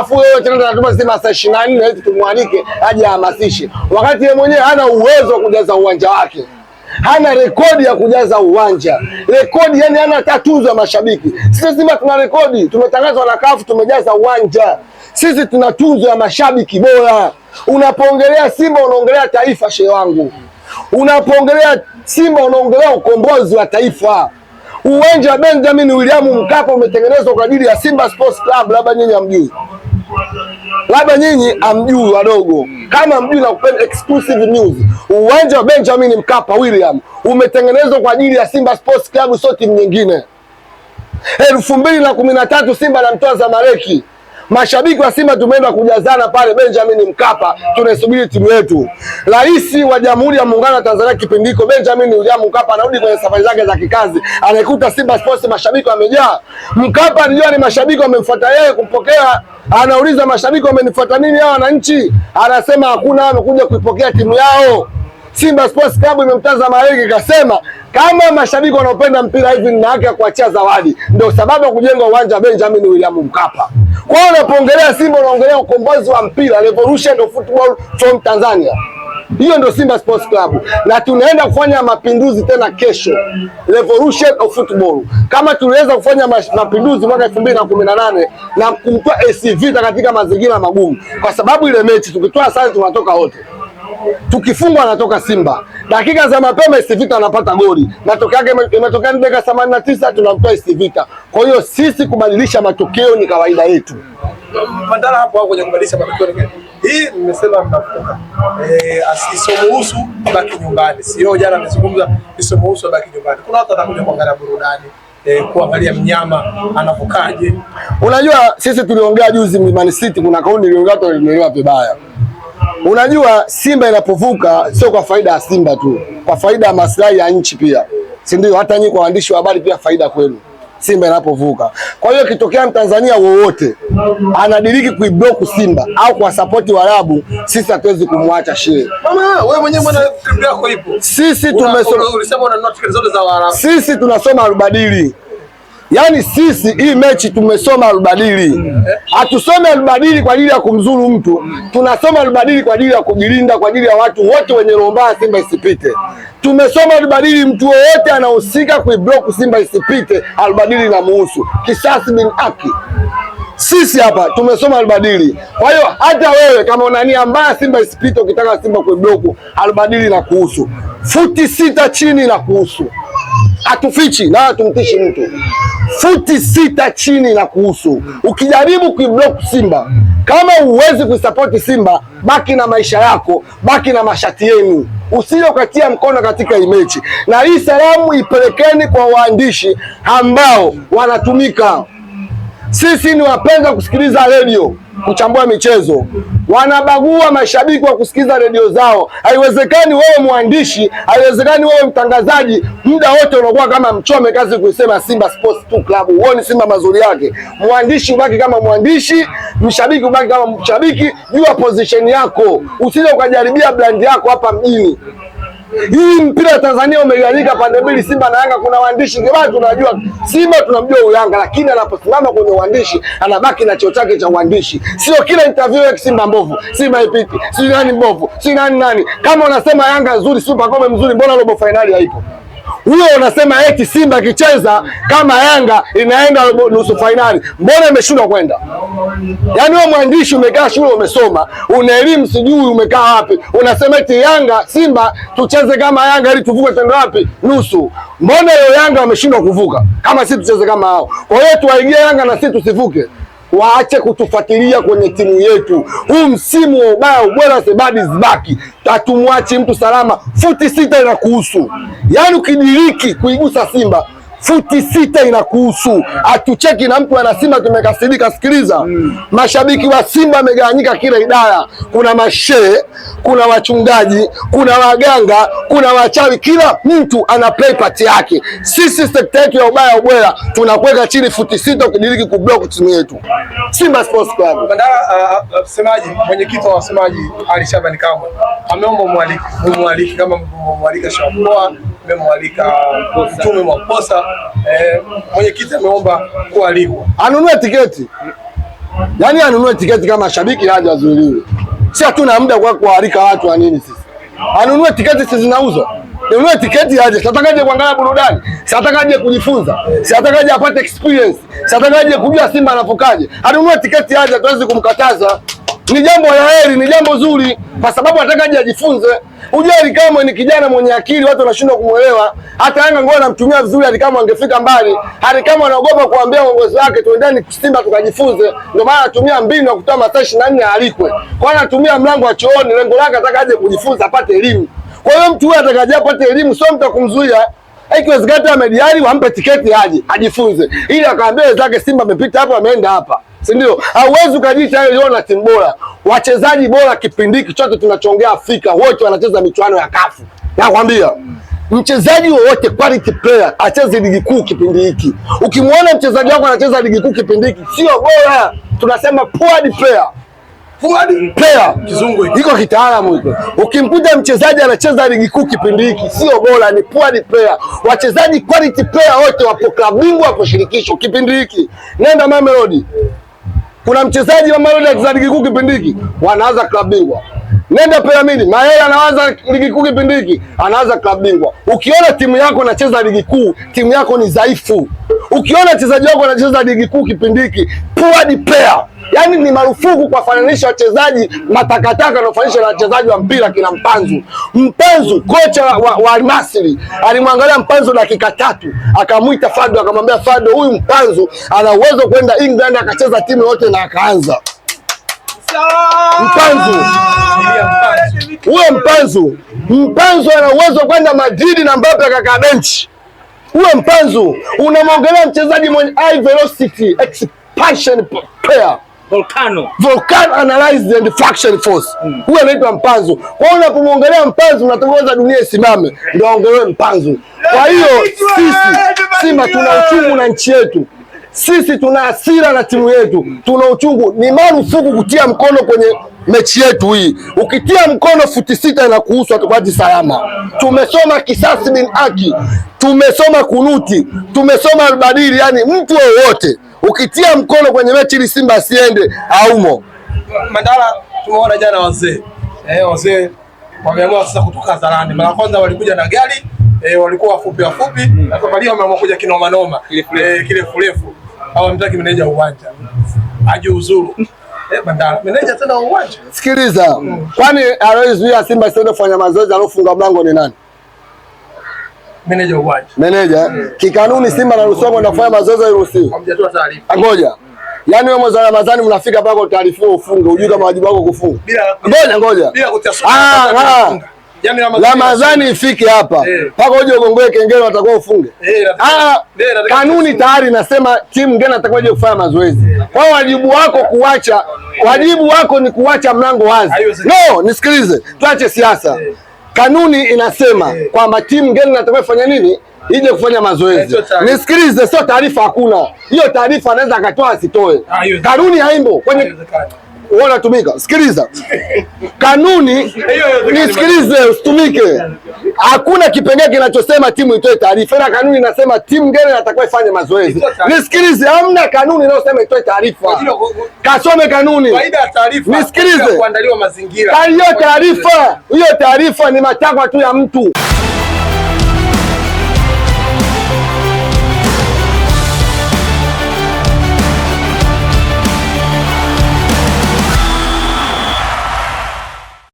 afu wewe tena ndo sisi masaa ishirini na nne hivi tumwanike aje ahamasishe, wakati yeye mwenyewe hana uwezo wa kujaza uwanja wake hana rekodi ya kujaza uwanja, rekodi yani hana tatuzo ya mashabiki. Sisi Simba tuna rekodi, tumetangazwa na kafu, tumejaza uwanja. Sisi tuna tunzo ya mashabiki bora. Unapoongelea Simba unaongelea taifa, shehe wangu, unapoongelea Simba unaongelea ukombozi wa taifa. Uwanja wa Benjamin William Mkapa umetengenezwa kwa ajili ya Simba Sports Club, labda nyinyi hamjui labda nyinyi amjui wadogo, kama mjui na kupenda exclusive news. Uwanja wa Benjamin Mkapa William umetengenezwa kwa ajili ya Simba Sports Club, sio timu nyingine. elfu mbili na kumi na tatu Simba anamtoa Zamaleki Mashabiki wa Simba tumeenda kujazana pale Benjamin Mkapa, tunasubiri timu yetu. Rais wa Jamhuri ya Muungano wa Tanzania kipindiko Benjamin William Mkapa anarudi kwenye safari zake za kikazi, anaikuta Simba Sports mashabiki wamejaa. Mkapa alijua ni mashabiki wamemfuata yeye kumpokea, anauliza mashabiki wamenifuata nini hawa wananchi? Anasema hakuna, amekuja kuipokea timu yao. Simba Sports Club imemtaza Marege ikasema kama mashabiki wanaopenda mpira hivi nina haki ya kuachia zawadi. Ndio sababu ya kujenga uwanja wa Benjamin William Mkapa. Kwa hiyo unapoongelea Simba unaongelea ukombozi wa mpira, revolution of football from Tanzania. Hiyo ndio Simba Sports Club na tunaenda kufanya mapinduzi tena kesho, revolution of football. Kama tuliweza kufanya mapinduzi mwaka 2018 na na kumtoa AC Vita katika mazingira magumu, kwa sababu ile mechi tukitoa sare tunatoka wote tukifungwa anatoka Simba, dakika za mapema Isivita anapata goli, matokeo yake imetokea dakika themanini na tisa tunamtoa Isivita. Kwa hiyo sisi kubadilisha matokeo ni kawaida yetu. Mandala hapo hapo kwenye kubadilisha matokeo hii, nimesema mtafuta eh, asisomuhusu baki nyumbani, sio jana nimezungumza, isomuhusu baki nyumbani. Kuna watu watakuja kuangalia burudani eh, kuangalia mnyama anapokaje. Unajua sisi tuliongea juzi Man City, kuna kauli niliongea tu, nilielewa vibaya Unajua Simba inapovuka sio kwa faida ya Simba tu, kwa faida ya maslahi ya nchi pia, si ndio? Hata nyinyi kwa waandishi wa habari pia faida kwenu Simba inapovuka. Kwa hiyo kitokea Mtanzania wowote anadiriki kuiblock Simba au kuwasapoti Waarabu, sisi hatuwezi kumwacha shehe. Sisi tunasoma arubadili Yaani sisi hii mechi tumesoma albadili, hatusome albadili kwa ajili ya kumzuru mtu, tunasoma albadili kwa ajili ya kujilinda, kwa ajili ya watu wote wenye roho mbaya, Simba isipite. Tumesoma albadili, mtu yoyote anahusika kuiblock Simba isipite, albadili inamuhusu. Kisasi bin aki. Sisi hapa tumesoma albadili. Kwa hiyo hata wewe kama una nia mbaya Simba isipite, ukitaka Simba kuiblock albadili na kuhusu, futi sita chini na kuhusu hatufichi na atumtishi mtu. Futi sita chini na kuhusu, ukijaribu kuiblock Simba, kama huwezi kuisapoti Simba, baki na maisha yako, baki na mashati yenu, usije ukatia mkono katika hii mechi. Na hii salamu ipelekeni kwa waandishi ambao wanatumika. Sisi ni wapenda kusikiliza redio kuchambua michezo, wanabagua mashabiki wa kusikiza redio zao. Haiwezekani wewe mwandishi, haiwezekani wewe mtangazaji, muda wote unakuwa kama mchome kazi kuisema Simba Sports tu Club, huoni Simba mazuri yake. Mwandishi ubaki kama mwandishi, mshabiki ubaki kama mshabiki. Jua position yako, usije ukajaribia brand yako hapa mjini. Hii mpira wa Tanzania umegawanyika pande mbili, Simba na Yanga. Kuna waandishi ndio tunajua Simba, tunamjua Yanga, lakini anaposimama kwenye uandishi anabaki na cheo chake cha uandishi. Sio kila interview ya Simba mbovu, Simba ipiti, si nani mbovu, si nani nani. Kama unasema Yanga nzuri, Simba Pacome mzuri, mbona robo finali haipo? Huyo unasema eti Simba ikicheza kama Yanga inaenda nusu fainali, mbona imeshindwa kwenda? Yaani wewe mwandishi umekaa shule umesoma, una elimu sijui umekaa wapi, unasema eti Yanga Simba tucheze kama Yanga ili tuvuke tendo wapi nusu. Mbona hiyo Yanga wameshindwa kuvuka kama sisi tucheze kama hao? Kwa hiyo tuwaigia Yanga na sisi tusivuke waache kutufuatilia kwenye timu yetu. Huu msimu wa ubaya ubora sebadi zibaki, tatumwachi mtu salama. futi sita inakuhusu, yaani ukidiriki kuigusa Simba futi sita inakuhusu, atucheki na mtu anasimba tumekasirika. Sikiliza mm. mashabiki wa Simba wamegawanyika kila idara, kuna mashehe, kuna wachungaji, kuna waganga, kuna wachawi, kila mtu ana play part yake. Sisi sekta yetu ya ubaya ubwela tunakuweka chini futi sita, ukidiriki kublock timu yetu Simba Sports Club. Uh, uh, msemaji, mwenyekiti wa wasemaji Ali Shabani Kamwe ameomba mwaliki kama mwalika Shapoa memwalika mtume Mwaposa eh, mwenyekiti ameomba kualikwa anunue tiketi, yaani anunue tiketi kama shabiki aje azuiliwe. Si hatuna muda kwa kualika watu wa nini sisi, anunue tiketi, si zinauzwa Nunue tiketi aje, satakaje kuangalia burudani, satakaje kujifunza, satakaje apate experience, satakaje kujua Simba anapokaje. Anunue tiketi aje, tuwezi kumkataza ni jambo la heri, ni jambo zuri, kwa sababu anataka aje ajifunze. Hujua Ally ni kijana mwenye akili, watu wanashindwa kumwelewa. Hata Yanga ngoa anamtumia vizuri Ally angefika mbali. Ally anaogopa kuambia uongozi wake, tuendeni Simba tukajifunze. Ndio maana anatumia mbinu ya kutoa masaa ishirini na nne alikwe, kwa anatumia mlango wa chooni. Lengo lake anataka aje kujifunza, apate elimu. Kwa hiyo mtu huyo atakaje apate elimu, sio mtu akumzuia ikiwezekana amediari wampe tiketi aje ajifunze, ili akaambia wenzake Simba amepita hapa, ameenda hapa si ndio? Hauwezi ukajiita hiyo leo na timu bora. Wachezaji bora kipindi hiki chote tunachoongea Afrika wote wanacheza michuano ya kafu. Nakwambia mchezaji wowote quality player acheze ligi kuu kipindi hiki. Ukimwona mchezaji wako anacheza ligi kuu kipindi hiki sio bora, tunasema poor player. Player kizungu hiki iko kitaalamu hiko. Ukimkuta mchezaji anacheza ligi kuu kipindi hiki sio bora, ni poor player. Wachezaji quality player wote wapo klabu bingwa, wapo shirikisho kipindi hiki. Nenda Mamelodi kuna mchezaji wa Mamelodi akizadi kipindi hiki wanaanza klabu bingwa nenda Pelamini. Mayela anaanza ligi kuu kipindi hiki, anaanza klabu bingwa. Ukiona timu yako anacheza ligi kuu, timu yako ni dhaifu. Ukiona wachezaji wako wanacheza ligi kuu kipindi hiki, poor player. Yaani ni marufuku kwa kuwafananisha wachezaji matakataka wanaofanisha na wachezaji wa mpira kina Mpanzu. Mpanzu kocha wa, wa Almasri alimwangalia Mpanzu dakika tatu, akamwita Fado akamwambia Fado, huyu Mpanzu ana uwezo kwenda England akacheza timu yote na akaanza Mpanzu huyo Mpanzu, Mpanzu ana uwezo kwenda Madrid na Mbappe akakaa benchi. Huyo Mpanzu unamwongelea mchezaji mwenye high velocity expansion player Volcano. Volcano analyzed and fraction force. Hmm. Huyo anaitwa Mpanzu. Kwa hiyo unapomwongelea Mpanzu unatongoza dunia isimame, ndio aongelewe Mpanzu. Kwa hiyo sisi Simba tuna uchungu na nchi yetu. Sisi tuna hasira na timu yetu, tuna uchungu. Ni marufuku kutia mkono kwenye mechi yetu hii. Ukitia mkono futi sita na kuhusu atakwaji salama. Tumesoma kisasi bin aki, tumesoma kunuti, tumesoma albadiri. Yani mtu wowote ukitia mkono kwenye mechi ili Simba asiende aumo. Mandala, tumeona jana wazee eh, wazee wameamua sasa kutoka zarani. Mara kwanza walikuja na gari eh, walikuwa wafupi wafupi, na kwa wameamua kuja kinoma noma, kile furefu eh, hawamtaki meneja uwanja aje uzuru eh, Sikiliza, kwani aliyezuia Simba isiende kufanya mazoezi aliofunga mlango ni nani? Meneja Meneja hmm. kikanuni, Simba anaruhusiwa kwenda kufanya mazoezi, airuhusiwi. Hamjatoa taarifa. Ngoja Yaani wewe mwezi wa Ramadhani mnafika pako taarifa ufunge, ujui kama wajibu wako kufunga. Ngoja ngoja. Bila kutafuta. Ah, ah yani Ramadhani ifike hapa eh. mpaka uje ugongoe kengele, watakuwa ufunge. Eh, ah, eh, kanuni tayari nasema timu ngeni je kufanya mazoezi. Kwa hiyo wajibu wako kuacha, wajibu wako ni kuwacha mlango wazi. No, nisikilize, tuache siasa. Kanuni inasema kwamba timu ngeni natakiwa fanya nini ije kufanya mazoezi. Nisikilize, sio taarifa, hakuna hiyo taarifa, anaweza akatoa asitoe. Ah, kanuni haimbo kwenye wanatumika. Sikiliza kanuni, nisikilize, usitumike. Hakuna kipengee kinachosema timu itoe taarifa, ila kanuni inasema timu gani inatakiwa ifanye mazoezi. Nisikilize, hamna kanuni inayosema itoe taarifa. Kasome kanuni, nisikilize. Hiyo taarifa, hiyo taarifa ni matakwa tu ya mtu.